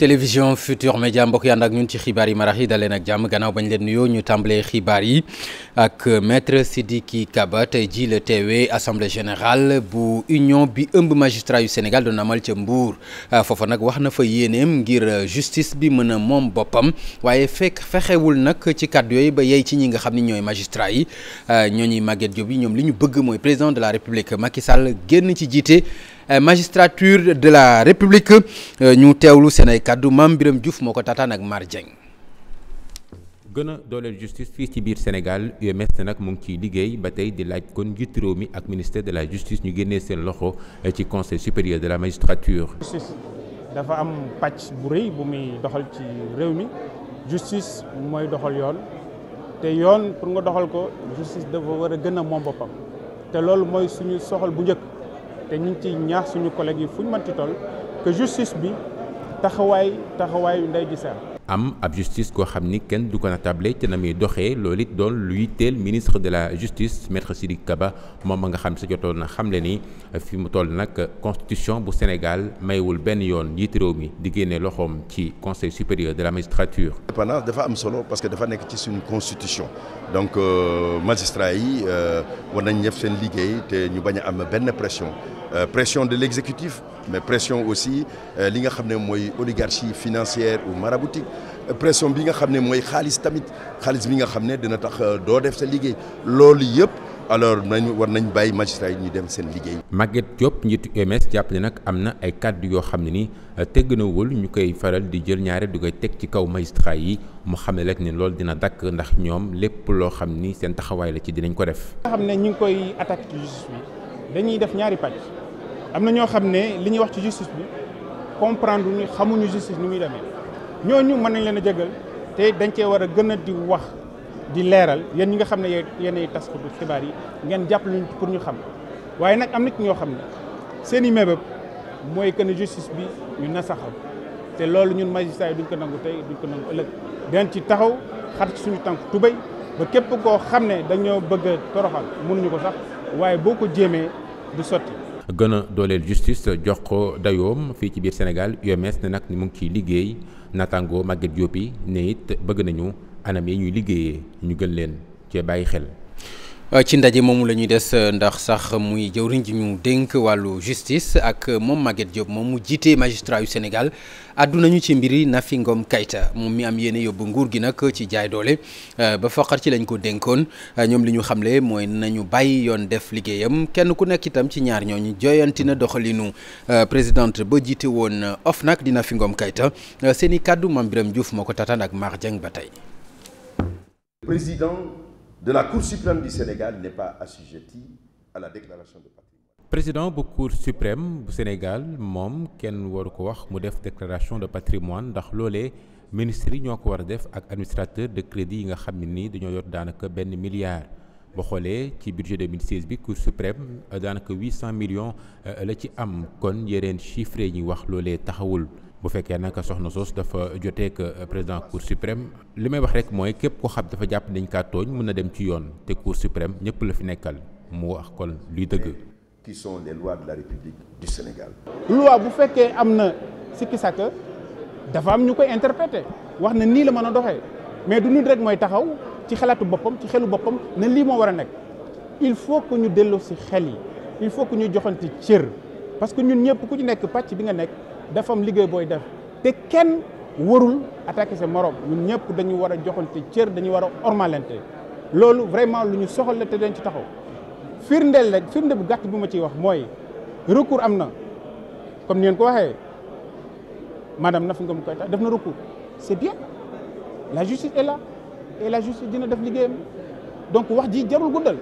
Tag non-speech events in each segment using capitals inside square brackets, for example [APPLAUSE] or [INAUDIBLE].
télévision Futur Média mbokk yi ànd ak ñun ci xibaar yi marax yi daleen ak jàmm gannaaw bañ leen nuyoo ñu tàmbalee xibaar yi ak maître Sidiki Kaba tey jii la teewee assemblée générale bu union bi ëmb magistrat yu Sénégal doon amal ca Mbour ah, foofa nag wax na fa yéeneem ngir justice bi mën a moom boppam waaye fekk fexewul nag ci kàddu yooyu ba yey ci ñi nga xam ni ñooy magistrat yi ah, ñoo ñuy màgget Diop yi ñoom li ñu bëgg mooy président de la république Macky Sall génn ci jiite. Euh, magistrature de la république euh, ñu teewlu seen ay kàddu Mame biram Diouf moo ko tataan ak Mar Dieng gën a dooleel justice fii ci biir Sénégal UMS nag mu ngi ciy liggéey ba tey di laaj kon njiit réew mi ak ministère de la justice ñu génnee seen loxo euh, ci conseil supérieur de la magistrature. justice dafa am pàcc bu rëy bu muy doxal ci réew mi justice mooy doxal yoon te yoon pour nga doxal ko justice dafa war a gën a moom boppam te loolu mooy suñu soxal bu njëkk. te ñu ngi ñaax suñu collègues yi fu ñu mënti toll que justice bi taxawaay taxawaayu ndey ji seer am ab justice koo xam ni kenn du ko natable te na muy doxee loolu it doon luy teel ministre de la justice maître Sidiki Kaba moom ma nga xam sa jotoon na xamle ni fi mu toll nag constitution bu Sénégal maywul benn yoon njiit réew mi di génne loxoom ci conseil supérieur de la magistrature. indépendance dafa am solo parce que dafa nekk ci suñu constitution donc euh, magistrat yi euh, war nañ def seen liggéey te ñu bañ a am benn pression euh, pression de l'exécutif. mais pression aussi euh, li nga xam ne mooy oligarchie financière ou maraboutique euh, pression bi nga xam ne mooy xaalis tamit xaalis bi nga xam ne dina tax euh, doo def sa liggéey loolu yëpp alors nañ war nañ bàyyi magistrat yi ñu dem seen liggéey. Maguette Diop njiitu UMS jàpp ne nag am na ay kàddu yoo xam ne ni tegg na wul ñu koy faral di jël ñaare di koy teg ci kaw magistrat yi mu xam ne rek ni loolu dina dakk ndax ñoom lépp loo xam ni seen taxawaay la ci dinañ ko def. nga ñaari pàcc. am na ñoo xam ne li ñuy wax ci justice bi comprendre ñu xamuñu justice ni muy demee ñooñu mën nañ leen a jégal tey dañ cee war a gën a di wax di leeral yéen ñi nga xam ne yéenay tas ko xibaar yi ngeen jàpp ñu pour ñu xam waaye nag am na ci ñoo xam ne seen i mébéb mooy que ne justice bi ñu nasaxal te loolu ñun magistrat yi duñ ko nangu tey duñ ko nangu ëllëg dinañ ci taxaw xar ci suñu tànk tubéy ba képp koo xam ne dañoo bëgg a toroxal mënuñu ko sax waaye boo ko jéemee du sotti. gën a dooleel justice jox ko dayoom fii ci biir Sénégal UMS ne nag ni mu ngi ciy liggéey naataango màgget Diop yi ne it bëgg nañu anam yi ñuy liggéeyee ñu gën leen cee bàyyi xel. Euh, ci ndaje moomu la ñuy des euh, ndax sax muy jëwriñ ji ñu dénk wàllu justice ak moom màgget Diop moom mu jiite magistrat yu Sénégal àdduna ñu ci mbiri Nafi ngoom Keïta mu mi am yéene yóbbu nguur gi nag ci jaay doole euh, ba foqar ci lañ ko dénkoon ñoom li ñu xamle mooy nañu bàyyi yoon def liggéeyam kenn ku nekk itam ci ñaar ñooñu joyanti na doxalinu présidente ba jiite woon OFNAC nag dina Ngom Keïta seen i kàddu Mame Birame Diouf moo ko tataan ak Mar Dieng ba tey de la Cour suprême du Sénégal n'est pas assujetti à la déclaration de patrimoine. président bu Cour suprême bu Sénégal moom kenn waru ko wax mu def déclaration de patrimoine ndax loole ministre yi ñoo ko war a def ak administrateur de crédit yi nga xam ne nii dañoo yor daanaka benn milliard boo xoolee ci budget 2016 bi Cour suprême euh, daanaka 800 millions euh, la ci am kon yeneen chiffres yi ñuy wax loolee taxawul. bu fekkee naka soxna soos dafa joteek euh, président cour suprême li may wax rek mooy képp ko xam dafa jàpp dañ kaa tooñ mën na dem ci yoon te cour suprême ñëpp la fi nekkal mu wax kon luy dëgg. qui sont les lois du Sénégal. bu fekkee am na sikki sàkk dafa am ñu koy interpréter wax na nii la mën a doxee mais du nit rek mooy taxaw ci xalaatu boppam ci xelu boppam ne lii moo war a nekk il faut que ñu delloo si xel yi il faut que ñu joxante cër parce que ñun ñëpp ku ci nekk pàcc bi nga nekk. dafa liggéey booy def te kenn warul attaquer se morom ñu ñëpp dañu war a joxante cër dañu war a ormalante loolu vraiment lu ñu soxal la te dañ ci taxaw firndeel rek bu gàtt bu ma ciy wax mooy recours am na comme ni ngeen ko waxee madame Nafi Ngom Keïta def na recours c'est bien la justice est là et la justice dina def liggéeyam donc wax ji jarul guddal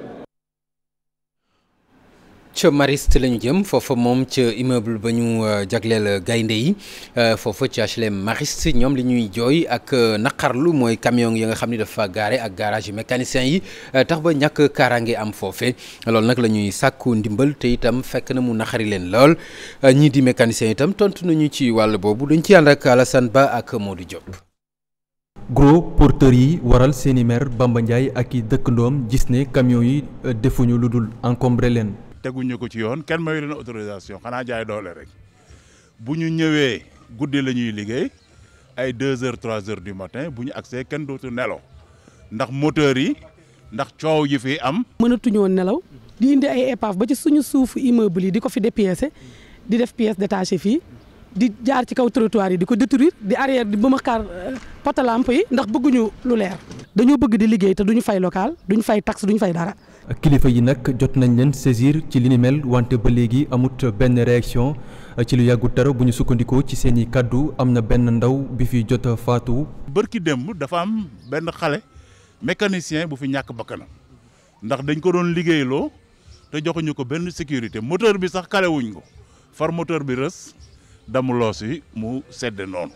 ca Mariste la jëm foofa moom ca immeuble ba ñu euh, jagleel gaynde yi euh, foofa ca HLM Mariste ñoom li ñuy jooy ak euh, naqarlu mooy camion yi nga xam ni dafa gaare ak garage yu yi tax ba ñàkk kaaraange am foofe loolu nag la ñuy sàkku ndimbal te itam fekk na mu naqari leen lool ñii di mécanicien itam tontu nañu ci wàll boobu dañ ci ànd ak Alassane Ba ak Modou Diop. gros porteurs yi waral seeni maire Bamba Ndiaye ak i dëkkandoom gis ne camion yi defuñu lu dul encombré leen teguñu ko ci yoon kenn mayu leen autorisation xanaa jaay doole rek bu ñu ñëwee guddi la ñuy liggéey ay deux heures trois heures du matin bu ñu agsee kenn dootu nelaw ndax moteur yi ndax coow yi fi am. mënatuñoo nelaw di indi ay épave ba ci suñu suufu immeuble yi di ko fi dépiécer di def pièce détachée fii di jaar ci kaw trottoir yi di ko détruire di arrière di bëma xaar euh, poteau lampe yi ndax bëgguñu lu leer. dañoo bëgg di liggéey te duñu fay local duñu fay tax duñu fay dara. kilifa yi nag jot nañ leen saisir ci li ni mel wante ba léegi amut benn réaction ci lu yàggu dara bu ñu sukkandikoo ci seen i kàddu am na benn ndaw bi fi jot a faatu. bërki démb dafa am benn xale mécanicien bu fi ñàkk bakkanam ndax dañ ko doon liggéeyloo te joxuñu ko benn sécurité moteur bi sax kalewuñ ko far moteur bi rës damu loos mu sedd noonu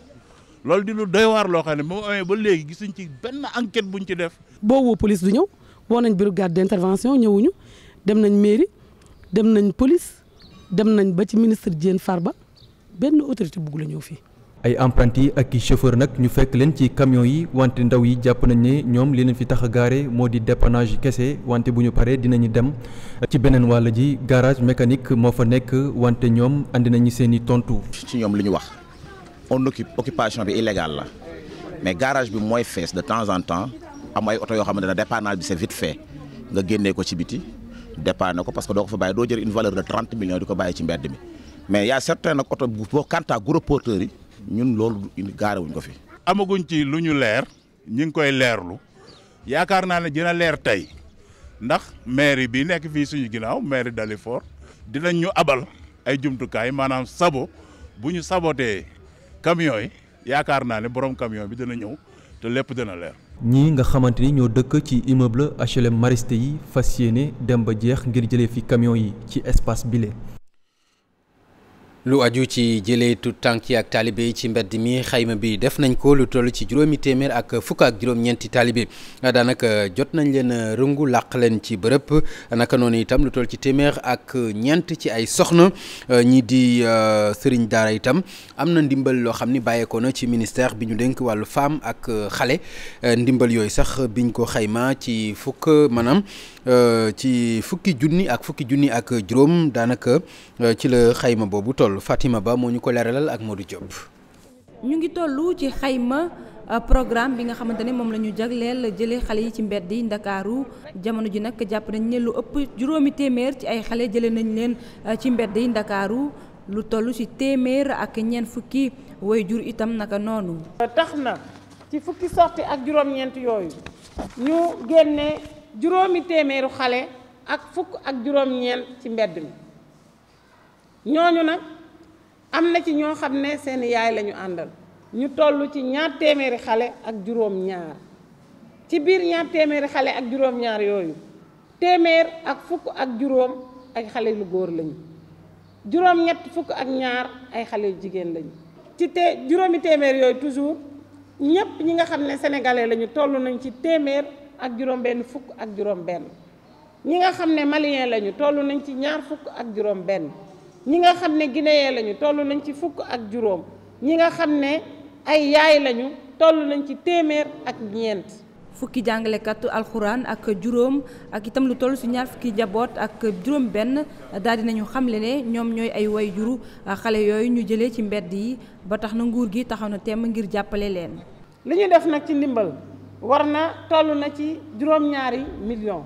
loolu di lu doy waar loo xam ne moom amee ba léegi gisuñ ci benn bu buñ ci def. boobu police du ñëw. woo nañ brigade d'intervention ñëwuñu dem nañ mairie dem nañ police dem nañ ba ci ministre Diène ba benn autorité bugg la ñëw fii. ay apprenti ak i chauffeur nag ñu fekk leen ci camion yi wante ndaw yi jàpp nañ ne ñoom li leen fi tax a gaare moo di dépannage kese wante bu ñu paree dinañu dem ci beneen wàll ji garage mécanique moo fa nekk wante ñoom andi nañu seen i tontu. ci ñoom li ñu wax on occupe occupation bi illégale la mais garage bi mooy fees de temps en temps. am ay oto yoo xamante ne dépannage bi c'est vite fait nga génnee ko ci biti dépanner ko parce que doo ko fa bàyyi doo jël une valeur de trente millions di ko bàyyi ci mbedd mi mais y a certain nag oto bu quant à gros porteurs yi ñun loolu gaare wuñ ko fi. amaguñ ci lu ñu leer ñu ngi koy leerlu yaakaar naa ne dina leer tey ndax mairie bi nekk fii suñu ginnaaw mairie Dalifort dinañ ñu abal ay jumtukaay maanaam sabo bu ñu sabotee camion yi yaakaar naa ne borom camion bi dana ñëw te lépp dana leer. ñii nga xamante ni ñoo dëkk ci immeuble HLM Maristes yi fas yéene dem ba jeex ngir jëlee fi camion yi ci espace bile lu aju ci jëleetu tànk yi ak taalibe yi ci mbedd mi xayma bi def nañ ko lu toll ci juróomi téeméer ak fukk ak juróom-ñeenti taalibe daanaka jot nañ leen rëngu làq leen ci bërëb naka noonu itam lu toll ci téeméer ak ñeent ci ay soxna ñi di euh, sëriñ daara itam am na ndimbal loo xam ni bàyyeekoo na ci ministère bi ñu dénk wàllu femme ak xale ndimbal yooyu sax biñ ko xayma ci fukk maanaam Euh, ci fukki junni ak fukki junni ak juróom daanaka euh, ci la xayma boobu toll Fatima Ba moo ñu ko leeralal ak du Diop. ñu ngi tollu ci xayma euh, programme bi nga xamante ne moom la ñu jagleel jëlee xale yi ci mbedd yi ndakaaru jamono ji nag jàpp nañ ne lu ëpp juróomi téeméer ci ay xale jëlee nañ leen ci mbedd yi ndakaaru lu tollu ci téeméer ak ñeent fukki way jur itam naka noonu. tax na ci fukki sorti ak juróom-ñeent yooyu ñu génne. juróomi téeméeru xale ak fukk ak juróom-ñeent ci mbedd mi ñooñu nag am na ci ñoo xam ne seen yaay lañu àndal ñu toll ci ñaar téeméeri xale ak juróom-ñaar ci biir ñaar xale ak juróom-ñaar yooyu téeméer ak fukk ak juróom ay xale lu góor lañu juróom-ñett fukk ak ñaar ay xale yu jigéen lañu. ci te juróomi téeméer yooyu toujours ñépp ñi nga xam ne sénégalais lañu toll nañ ci téeméer. ak juróom-benn fukk ak juróom-benn ñi nga xam ne malien lañu toll nañ ci ñaar fukk ak juróom-benn ñi nga xam ne guinéen lañu toll nañ ci fukk ak juróom ñi nga xam ne ay yaay lañu toll nañ ci téeméer ak ñeent. fukki jàngalekat alxuraan ak juróom ak itam lu toll si ñaar fukki jaboot ak juróom benn daal di nañu xamle ne ñoom ñooy ay way juru xale yooyu ñu jëlee ci mbedd yi ba tax na nguur gi taxaw na temm ngir jàppale leen. li ñu def nag ci ndimbal. war na toll na ci juróom-ñaari million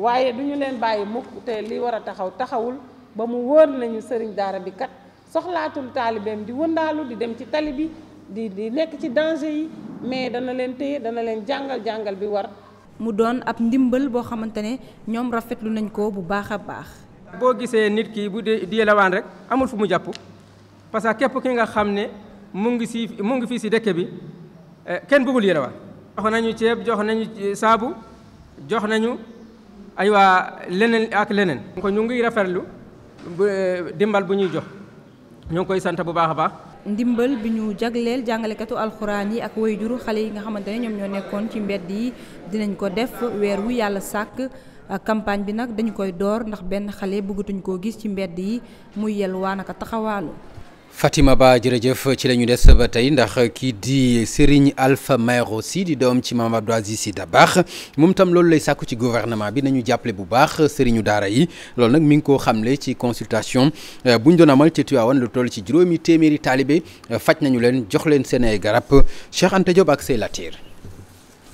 waaye du ñu leen bàyyi mukk te li war a taxaw taxawul ba mu wóor nañu sëriñ daara bi kat soxlaatul taalibeem di wëndaalu di dem ci tali bi di di nekk ci danger yi mais dana leen téye dana leen jàngal jàngal bi war. mu doon ab ndimbal boo xamante ne ñoom rafetlu nañ ko bu baax a baax. boo gisee nit ki bu dee di yelawaan rek amul fu mu jàpp parce que képp ki nga xam ne mu ngi si mu ngi fii si dëkk bi eh, kenn bëggul yelawaan jox nañu ceeb jox nañu saabu jox nañu ay waa leneen ak leneen. ko ñu ngi rafetlu euh, dimbal bu ñuy jox ñu ngi koy sant bu baax a baax. ndimbal bi ñu jagleel jàngalekatu alxuraan yi ak juru xale yi nga xamante ne ñoom ñoo nekkoon ci mbedd yi dinañ ko def weer wu yàlla sàkk campagne bi nag dañu koy door ndax benn xale bëggatuñ koo gis ci mbedd yi muy yelwaan ak taxawaalu. Fatima Ba jërëjëf ci lañu des ba tey ndax kii di Serigne Alpha mairo Sy di doom ci Mame Abdou Aziz baax moom tam loolu lay sàkku ci guvernement bi nañu jàppale bu baax Serigne daara yi loolu nag mi ngi koo xamle ci consultation euh, bu ñu doon amal ci Tivaouane lu toll ci juróomi téeméeri taalibe euh, faj nañu leen jox leen seen ay garab Cheikh Anta Diop ak Sey Latir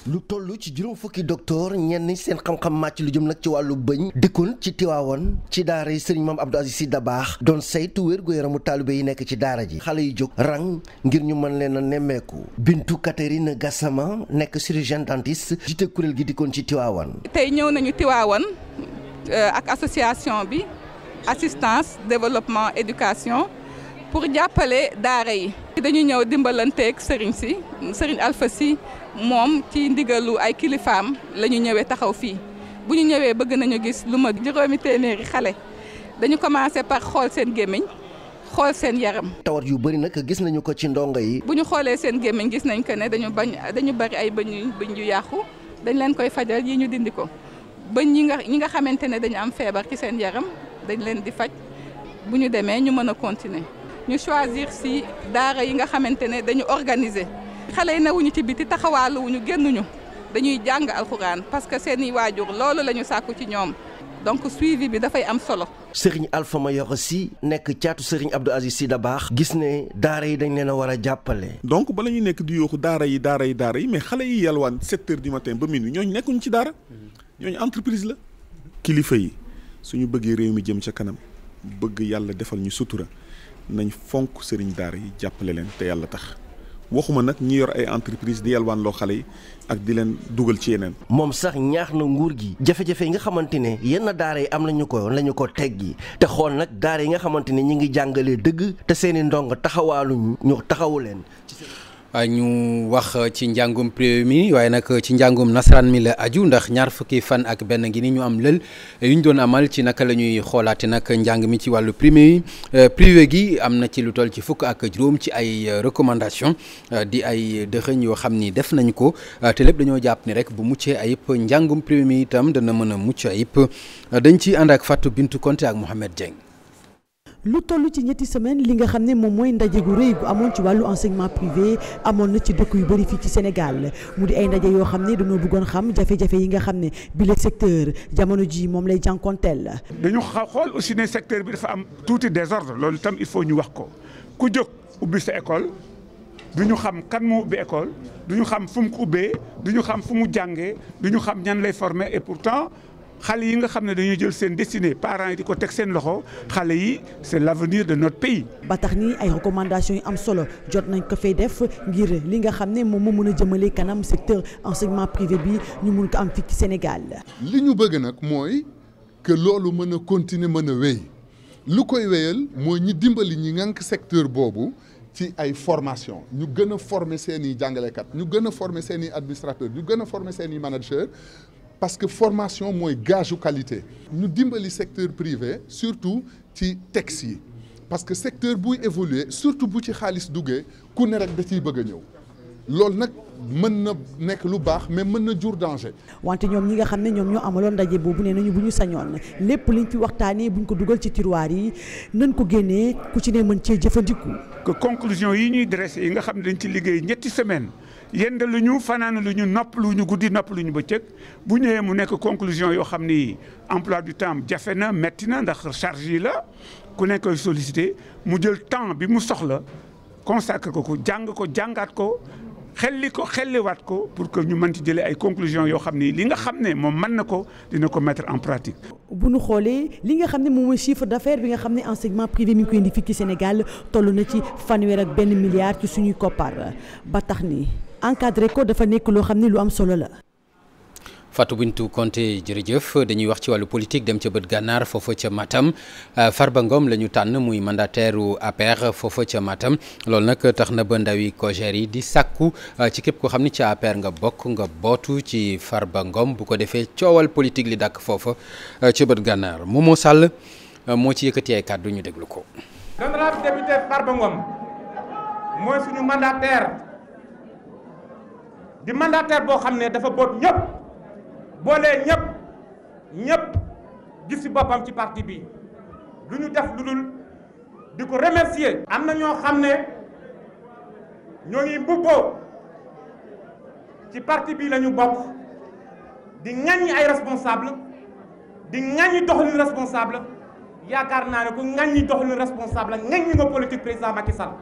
lu toll ci juróom fukki docteur ñenn seen xam-xam màcc lu jëm nag ci wàllu bëñ dëkkoon ci Tiwaawoon ci daara yi sëriñ maam Abdou Aziz Sy baax doon saytu wér-gu-yaramu taalibe yi nekk ci daara ji xale yi jóg rang ngir ñu mën leen nemmeeku Bintu Catherine Gassama nekk chirurgien dentiste jiite kuréel gi dikkoon ci tiwaawan tey ñëw nañu Tiwaawoon euh, ak association bi assistance développement éducation pour jàppale daara yi. nekk dañu ñëw dimbalanteeg sëriñ si sëriñ Alpha si moom ci ndigalu ay kilifaam la ñu ñëwee taxaw fii bu ñu ñëwee bëgg nañu gis lu ma juróomi téeméeri xale dañu commencé par xool seen gémmiñ xool seen yaram. tawat yu bëri nag gis nañu ko ci ndongo yi. bu ñu xoolee seen gémmiñ gis nañ ko ne dañu bañ dañu bari ay bëñ bëñ yu yàqu dañ leen koy fajal yi ñu dindi ko bëñ ñi nga ñi nga xamante ne dañu am feebar ci seen yaram dañ leen di faj bu ñu demee ñu mën a continuer. ñu choisir si daara yi nga xamante ne dañu organiser xale yi newuñu ci biti taxawaaluwuñu génnuñu dañuy jàng alxuraan parce que seeni waajur loolu la ñu sàkku ci ñoom donc suivi bi dafay am solo. Serigne Alpha Mayoro Sy nekk caatu Serigne Abdou Aziz Sy baax gis ne daara yi dañ leen a war a jàppale. donc bala ñu nekk di daara yi daara yi daara yi mais xale yi yalwaan 7 heures du matin ba minuit ñooñu nekkuñu ci daara ñooñu entreprise la. kilifa yi suñu bëggee réew mi jëm ca kanam bëgg yàlla defal ñu sutura. nañ fonk sëriñ daara yi jàppale leen te yàlla tax waxuma nag ñi yor ay entreprise di yalwaan loo xale yi ak di leen dugal ci yeneen. moom sax ñaax na nguur gi. jafe-jafe yi nga xamante ne yenn daara yi am nañu ko lañu ko teg teggi te xool nag daara yi nga xamante ne ñu ngi jàngalee dëgg te seeni ndong taxawaalu ñu taxawu leen. Ah, ñu wax euh, ci njàngum privé mi waaye nag euh, ci njàngum nasaraan mi la aju ndax ñaar fukki fan ak benn ngi ni ñu am lël euh, yu ñu doon amal ci naka la ñuy xoolaate nag njàng mi ci wàllu privé yi gi am na ci lu toll ci fukk ak juróom ci ay recommandation di ay dëxëñ yoo xam ni def nañ ko te lépp dañoo jàpp ni rek bu muccee ay ayib njàngum privé mi itam dana mën a mucc ayib dañ ci ànd ak Fatou bintu Konté ak Mohamed Dieng lu toll ci ñetti semaine li nga xam ne moom mooy ndaje gu rëy gu amoon ci wàllu enseignement privé amoon na ci dëkk yu bëri fii ci Sénégal mu di ay ndaje yoo xam ne dañoo bëggoon xam jafe-jafe yi nga xam ne bi le secteur jamono ji moom lay jànkonteel dañu xaw xool aussi ne secteur bi dafa am tuuti désordre loolu tam il faut ñu wax ko ku jóg ubbi sa école du ñu xam kan moo ubbi école du ñu xam fu mu ko ubbee du ñu xam fu mu jàngee du ñu xam ñan lay former et pourtant xale yi nga xam ne dañuy jël seen destinée parent yi di ko teg seen loxo xale yi c'est l'avenir de notre pays. ba tax ni ay recommandations yi am solo jot nañ ko fay def ngir li nga xam ne moom moo mën a jëmale kanam secteur enseignement privé bi ñu mun ko am fii ci Sénégal. li ñu bëgg nag mooy que loolu mën a continuer mën a wéy lu koy wéyal mooy ñu dimbali ñi ngànk secteur boobu. ci ay formation ñu gën a former seen i jàngalekat ñu gën a former seen i administrateur ñu gën a former seen i manager parce que formation mooy gage qualité ñu dimbali secteur privé surtout ci taxi yi parce que secteur buy évoluer surtout bu ci xaalis duggee ku ne rek da ciy bëgg a ñëw loolu nag mën na nekk lu baax mais mën na jur danger. wante ñoom ñi nga xam ne ñoom ñoo amaloon ndaje boobu nee nañu bu ñu sañoon lépp liñ fi waxtaanee buñ ko dugal ci tiroir yi nañ ko génnee ku ci ne mën cee jëfandiku. que conclusion yi ñuy dressé yi nga xam ne dañ ci liggéey ñetti semaine yend lu ñu fanaana lu ñu nopp lu ñu guddi nopp lu ñu bëccëg bu ñëwee mu nekk conclusion yoo xam ni emploi du temps jafe na metti na ndax charge la ku nekk koy sollicité mu jël temps bi mu soxla consacré ko ko jàng ko jàngaat ko xelli ko xelliwaat ko pour que ñu mën ci jëlee ay conclusion yoo xam ni li nga xam ne moom mën na ko dina ko mettre en pratique. bu nu xoolee li nga xam ne moom mooy chiffre d'affaires bi nga xam ne enseignement privé mi ngi koy indi fii ci Sénégal toll na ci fanweer ak benn milliard ci suñuy koppar ba tax ni. encadré ko dafa nekk loo xam ne lu am solo la. Fatou Bintou Konté jërëjëf dañuy wax ci wàllu politique dem ca bët gànnaar foofa ca Matam euh, Farba Ngom la ñu tànn muy mandateeru u APR foofa ca Matam loolu nag tax na ba ndawi Cogère yi di sàkku euh, ci képp koo xam ni ci APR nga bokk nga bootu ci Farba bu ko defee coowal politique li dàkk foofa euh, ca bët gànnaar Momo sàll moo ci yëkkati ay kàddu ñu déglu ko. Honorable député Farba Ngom mooy suñu mandataire. di mandataire boo xam ne dafa boot ñëpp boolee ñëpp ñëpp gis ci boppam ci parti bi lu ñu def lu dul di ko remercier. am na ñoo xam ne ñoo ngi mbubboo ci parti bi la ñu di di ŋaññi ay responsable di ŋaññi doxalin responsable yaakaar naa ne ku ŋaññi doxalin responsable ŋaññi nga politique président Macky Sall.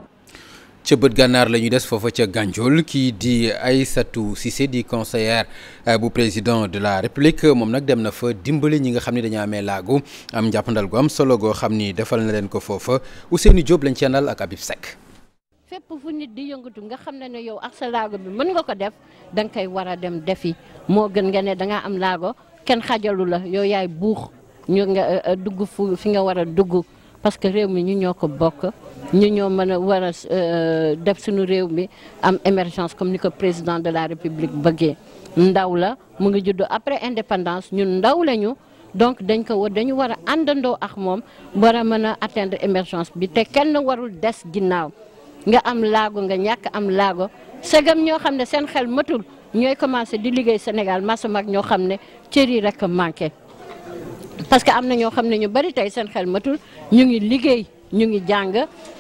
ca bët gànnaar la ñu des foofa ca Gànjool kii di ay Aïssatou Cissé di conseillère euh, bu président de la République moom nag dem na fa dimbali ñi nga xam ne dañoo amee laago am ndal gu am solo goo xam ni defal na leen ko foofa u seeni Diop lañ ci àndal ak Habib Seck. fépp fu nit di yëngatu nga xam ne ne yow ak sa laago bi mën nga ko def danga koy war a dem defi moo gën nga ne da ngaa am laago kenn xajalu la yow yaay buux ñu nga euh, euh, dugg fu fi nga war a dugg parce que réew mi ñu ñoo ko bokk. ñu ñoo mën a war a euh, def suñu réew mi am émergence comme ni ko président de la république bëggee ndaw la mu ngi juddu après indépendance ñun ndaw lañu donc dañ ko war dañu war a àndandoo ak moom war mën a atteindre émergence bi te kenn warul des ginnaaw nga am laago nga ñàkk am laago segam ñoo xam ne seen xel matul ñooy commencé di liggéey Sénégal masa mag ñoo xam ne cër yi rek manqué parce que am na ñoo xam ne ñu bari tey seen xel matul ñu ngi liggéey. ñu ngi jàng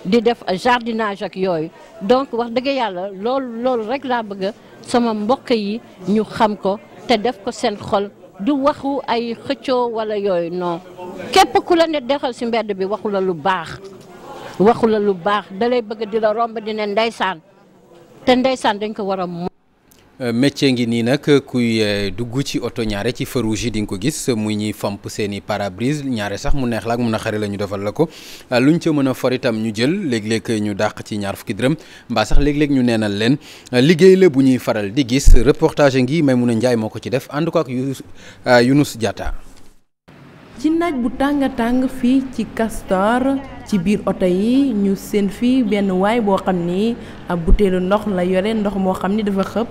di def jardinage ak yooyu donc wax dëgg yàlla loolu loolu rek laa bëgg sama mbokk yi ñu xam ko te def ko seen xol du waxu ay xëccoo wala yooyu non képp ku la ne dexal ci mbedd bi waxu la lu baax waxu la lu baax dalay bëgg di la romb di ne ndeysaan te ndeysaan dañ ko war a Euh, métier ngi nii nag kuy euh, dugg ci oto ñaare ci feu yi di nga ko gis muy ñuy fomp seeni parabrise ñaare sax mu neex la ak mun a xare la ñu defal la ko euh, luñ ca mën a for itam ñu jël léeg ñu dàq ci ñaar fukki dërëm mbaa sax léeg-léeg ñu neenal leen liggéey la bu ñuy faral di gis reportage ngi Maimouna Ndiaye moo ko ci def ànd ko ak Younous Diatta ci naaj bu tàng tàng fii ci Castor ci biir oto yi ñu seen fii benn waay boo xam ni ab butéelu ndox la yore ndox moo xam ni dafa xëpp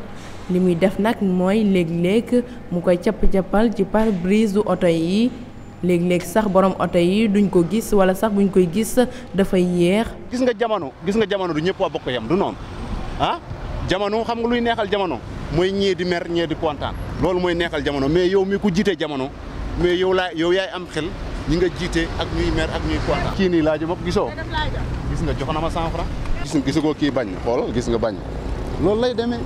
li muy def nag mooy léeg-léeg mu koy capp-cappal ci pare-brise du oto yi léeg-léeg sax borom oto yi duñ ko gis wala sax buñ koy gis dafay yéex. gis nga jamono gis nga jamono du ñëpp bokk yam du noonu ah jamono xam luy neexal jamono mooy ñii di mer ñii loolu mooy neexal jamono mais yow mi ku jiite jamono mais yow laa yow yaay am ñi nga jiite ak ñuy ak ñuy kontaan. kii nii laaj ma ko gisoo gis nga jox na ma 100 francs gis nga kii bañ xoolal gis nga bañ lay demee.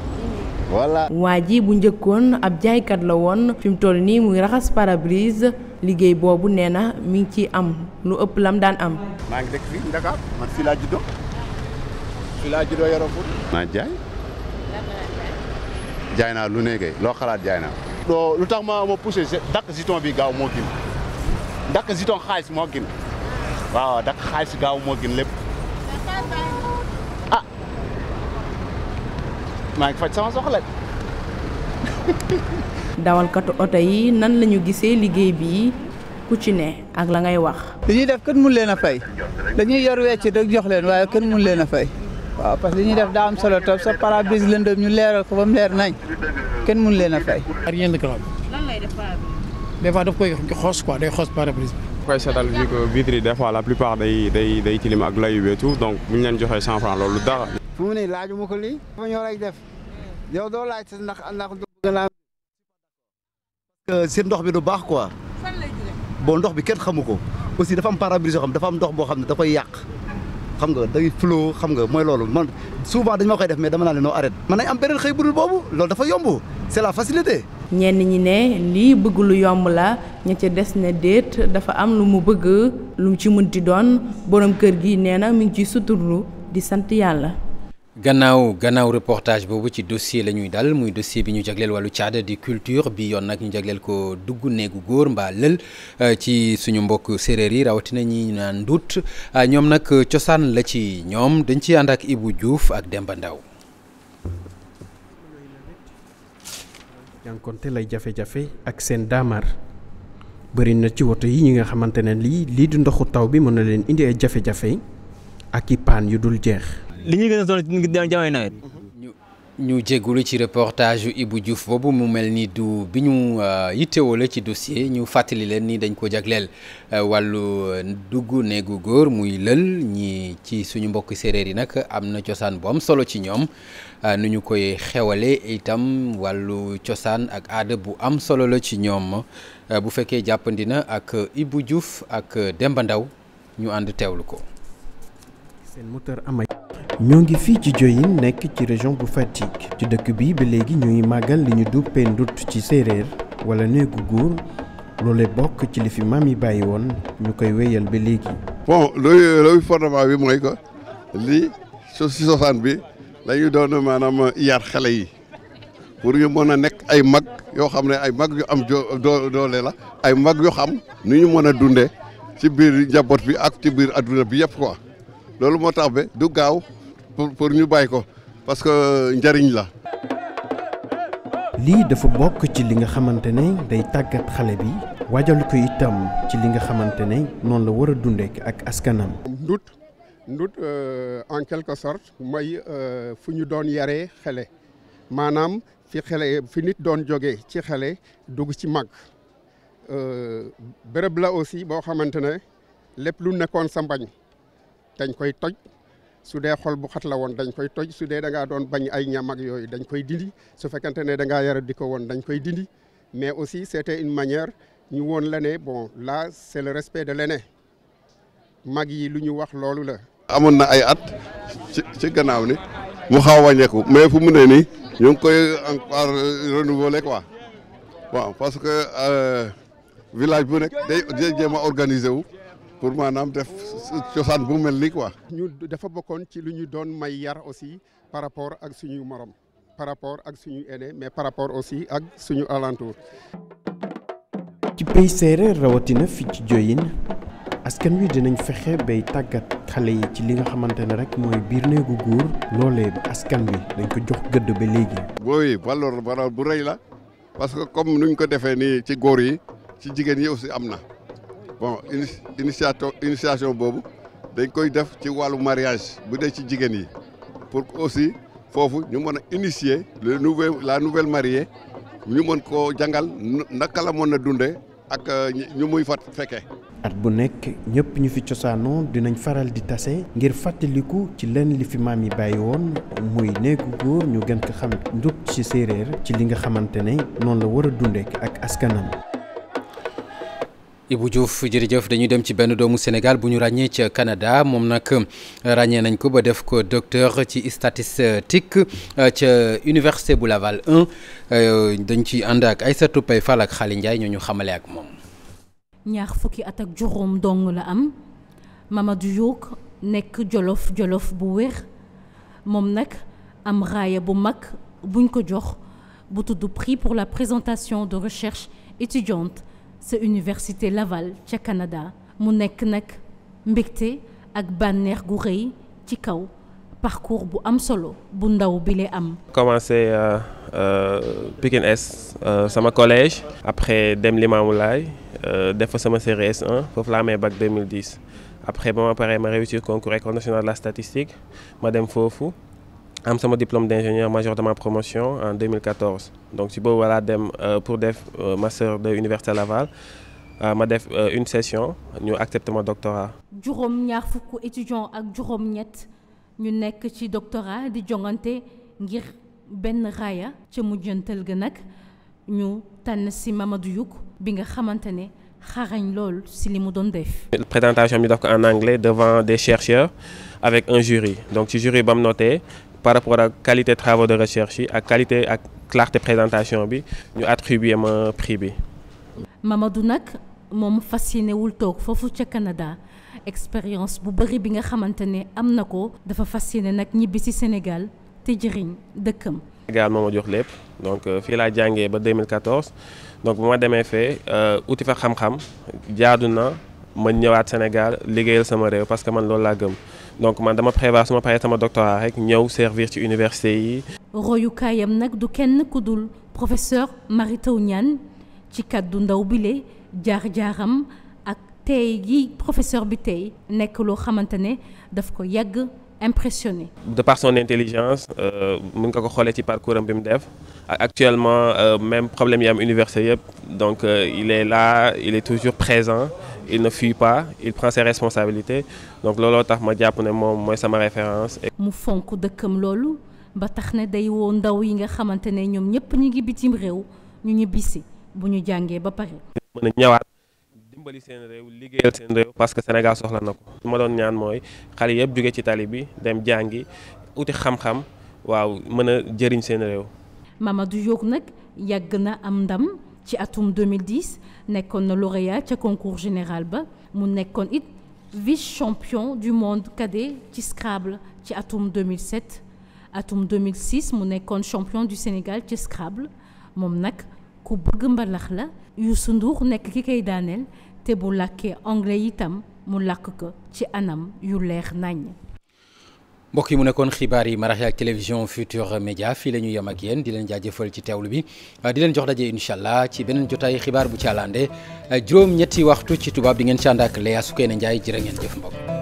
voilà. waa jii bu njëkkoon ab jaaykat la woon fi mu toll nii muy raxas parabrise liggéey boobu nee na mi ngi ciy am lu ëpp lam daan am. maa ngi dëkk fii Ndakaar man fii laa juddoo fii laa juddoo yoroo naa jaay jaay naa lu nekkee loo xalaat jaay naa. lu tax ma ma poussé dakk ziton bi gaaw moo gën dakk ziton xaalis moo gën waaw dakk xaalis gaaw moo gën lépp. maa [LAUGHS] dawalkatu oto yi nan lañu gisee liggéey bi ku ci ne ak la ngay wax. li ñuy def kenn mun leen a fay dañuy yor wecc da jox leen waaye kenn mun leen a fay waaw parce que li ñuy def daa solo trop sa pare-brise lëndëm ñu leeral leer nañ kenn mun leen a fay. rien de grave. lan lay def pare-brise. des daf koy xoos quoi day xoos pare-brise bi. koy seetal vu que vitre yi des fois la plupart day day day tilim ak layu beetu donc bu ñu leen joxee cent francs loolu dara. fu mu ne laajuma ko lii. dafa ñëw rek def. yow doo laajte ndax ndax bëgg naa. parce que seen ndox bi du baax quoi. boo ndox bi kenn xamu ko. aussi dafa am pare-brise yoo xam dafa am ndox boo xam ne da koy yàq. xam nga day flot xam nga mooy loolu man souvent dañ ma koy def mais dama naa leen noo arrêté. mën nañ am beneen xëy budul boobu loolu dafa yomb c'est la ñenn ñi ne lii bëgg lu yomb la ña ca des ne déet dafa am lu mu bëgg lu mu ci mënti doon boroom kër gi nee na mi ngi ciy suturlu di sant yàlla. gannaaw gannaaw reportage boobu ci dossier la ñuy dal muy dossier bi ñu jagleel wàllu caada di culture bi yoon nag ñu jagleel ko dugg néegu góor mbaa lël euh, ci suñu mbokk séeréer yi rawatina ñi naan ndut euh, ñoom nag cosaan la ci ñoom dañ ci ànd ak Ibou juuf ak Demba Ndaw jànkonte lay jafe-jafe ak seen daamar bëri na ci woto yi ñi nga xamante ne lii lii di ndoxu taw bi mën na leen indi ay jafe-jafe ak i paan yu dul jeex li ñuy gën a sonal ci jamono nawet. ñu jégalu ci reportage yu Ibou Diouf mu mel ni du bi ñu euh, yittewoo la ci dossier ñu fàttali leen ni dañ ko jagleel euh, wàllu dugg néegu góor muy lël ñi ci suñu mbokk séeréer yi nag am na cosaan bu solo ci ñoom euh, nu ñu koy xewale itam wàllu cosaan ak aada bu am solo la ci ñoom bu fekkee jàppandina ak Ibou Diouf ak Demba ñu ànd teewlu ko. ñoo ngi fii ci Diohine nekk ci région bu Fatick ci dëkk bi ba léegi ñuy màggal li ñu duppee ndut ci séeréer wala néegu góor loolee bokk ci li fi maam yi bàyyi woon ñu koy wéyal ba léegi. bon loolu loolu fondement bi mooy ko li si bi la doon maanaam yar xale yi pour ñu mën a nekk ay mag yoo xam ne ay mag yu am doole la ay mag yu xam nu ñu mën a dundee ci biir njaboot bi ak ci biir adduna bi yëpp quoi. loolu moo tax ba du gaaw pour ñu bàyyi ko parce que njëriñ la. lii dafa bokk ci li nga xamante ne day tàggat xale bi waajal ko itam ci li nga xamante ne noonu la war a dundee ak askanam. ndut ndut euh, en quelque sorte mooy euh, fu ñu doon yare xele maanaam fi xale fi nit doon jógee ci xele dugg ci mag euh, bërëb la aussi boo xamante ne lépp lu nekkoon sa mbañ. dañ koy toj su dee xol bu xat la woon dañ koy toj su dee da doon bañ ay ñam ak yooyu dañ koy dindi su fekkente ne da ngaa yara di ko woon dañ koy dindi mais aussi c'était une manière ñu woon la ne bon là c'est le respect de l'aîné mag yi lu ñu wax loolu la. amoon na ay at ci ci gannaaw ni mu xaw a wàññeeku mais fu mu ne nii ñu ngi koy encore renouveler quoi waaw parce que euh, village bu nekk day jéem a organiser wu. pour maanaam def cosaan bu mel ni quoi. ñu dafa bokkoon ci lu ñu doon may yar aussi par rapport ak suñu morom par rapport ak suñu aîné mais par rapport aussi ak suñu alentour. ci pays séeréer rawatina fii ci Diohine askan wi dinañ fexe bay tàggat xale yi ci li nga xamante ne rek mooy biir néegu góor loolee askan wi dañ ko jox gëdd ba léegi. booy valeur valeur bu rëy la parce que comme nuñ ko defee nii ci góor yi ci jigéen yi aussi am na. bon initiato initiation boobu dañ koy def ci wàllu mariage bu dee ci jigéen yi pour aussi foofu ñu mën a initier le nouvel la nouvelle mariée ñu mën ko jàngal naka la mën a dunde ak euh, ñu muy fat fekkee. at bu nekk ñëpp ñu fi cosaanoo dinañ faral di tase ngir fàttaliku ci lenn li fi maam yi bàyyi woon muy néegu góor ñu gën ko xam njub ci séeréer ci li nga xamante ne noonu la war a dundee ak askanam. Ibou Diouf jërëjëf dañuy dem ci benn doomu Sénégal bu ñu ràññee ca Canada moom nag euh, ràññee nañ ko ba def ko docteur ci statistique euh, ca université bu Laval 1 euh, dañ ci ànd ak Aïssatou Paye fal ak Xaali Ndiaye ñoo ñu xamale ak moom. ñaar fukki at ak juróom dong la am Mamadou Youk nekk jolof jolof bu wér moom nag am raaya bu mag buñ ko jox bu tudd prix pour la présentation de recherche étudiante. sa université Laval ca Canada mu nekk nag mbegte ak bànneex gu rëy ci kaw parcours bu am solo bu ndaw bi lay am. commencé euh, euh, Pikine Est euh, sama collège. après dem Limamoulaye def fa sama série S1 foofu laa amee bac après ba ma paree ma réussir concours école nationale de la statistique ma dem foofu. am sama diplôme d'ingénieur major de ma promotion en 2014 donc si boobu walaa dem euh, pour def euh, master de l'université Laval euh, ma def une session ñu accepté ma doctorat. juróom ñaar fukk ak juróom ñett ñu nekk ci doctorat di jongante ngir benn raaya ca mujjantal ga nag ñu tànn si Mamadou Youk bi nga xamante ne xarañ lool si li mu doon def. présentation bi def ko en anglais devant des chercheurs avec un jury donc ci jury ba mu par rapport ak qualité travaux de recherche yi ak qualité ak clarté présentation bi ñu attribuer ma prix bi. Mamadou nag moom fasciné wul toog foofu ca Canada expérience bu bëri bi nga xamante ne am na ko dafa fasciné nag ñibbi ci Sénégal te jëriñ dëkkam. Sénégal moo ma jox lépp donc euh, fii laa jàngee ba 2014 donc bu ma demee fee euh, uti fa xam-xam jaadu na ma ñëwaat Sénégal liggéeyal sama réew parce que man loolu laa gëm. donc man dama prévoir su ma paree sama doctorat rek ñëw servir ci université yi. royukaayam nag du kenn ku dul professeur Mary Teuw Niane ci du ndaw bile jaar-jaaram ak tey gi professeur bi tey nekk loo xamante ne daf ko yàgg. impressionné. de par son intelligence euh, mën nga ko xoolee ci parcours am bi mu def actuellement euh, même problème yi am université yëpp donc euh, il est là il est toujours présent il ne fuit pas il prend ses responsabilités donc looloo tax ma jàpp ne moom mooy sama référence. mu fonk dëkkam loolu ba tax ne day woo ndaw yi nga xamante ne ñoom ñëpp ñu ngi bitim réew ñu ñibbisi bu ñu jàngee ba pare. mën a ñëwaat dimbali seen réew liggéeyal seen réew parce que Sénégal soxla na ko. li ma doon ñaan mooy xale yëpp jóge ci tali bi dem jàngi uti xam-xam waaw mën a jëriñ seen réew. Mamadou Diop nag yàgg na am ndam. ci atum 2010 nekkoon na lauréat ca concours général ba mu nekkoon it vice champion du monde cadet ci scrable ci atum 2007 atum 2006 mu nekkoon champion du Sénégal ci scrable moom nag ku bëgg mbalax la Youssou Ndour nekk ki kay daaneel te bu làkkee anglais itam mu làkk ko ci anam yu leer naññ mbokk yi mu nekkoon xibaar yi marax ak télévision Futur Média fi la ñu yem ak yéen di leen jaajëfal ci teewlu bi ah, di leen jox daje incha allah ci beneen jotaay xibaar bu ci àllande ah, juróom-ñetti waxtu ci tubaab di ngeen ci ànd ak Leya Sukeyna Ndiaye jërë ngeen jëf mbokk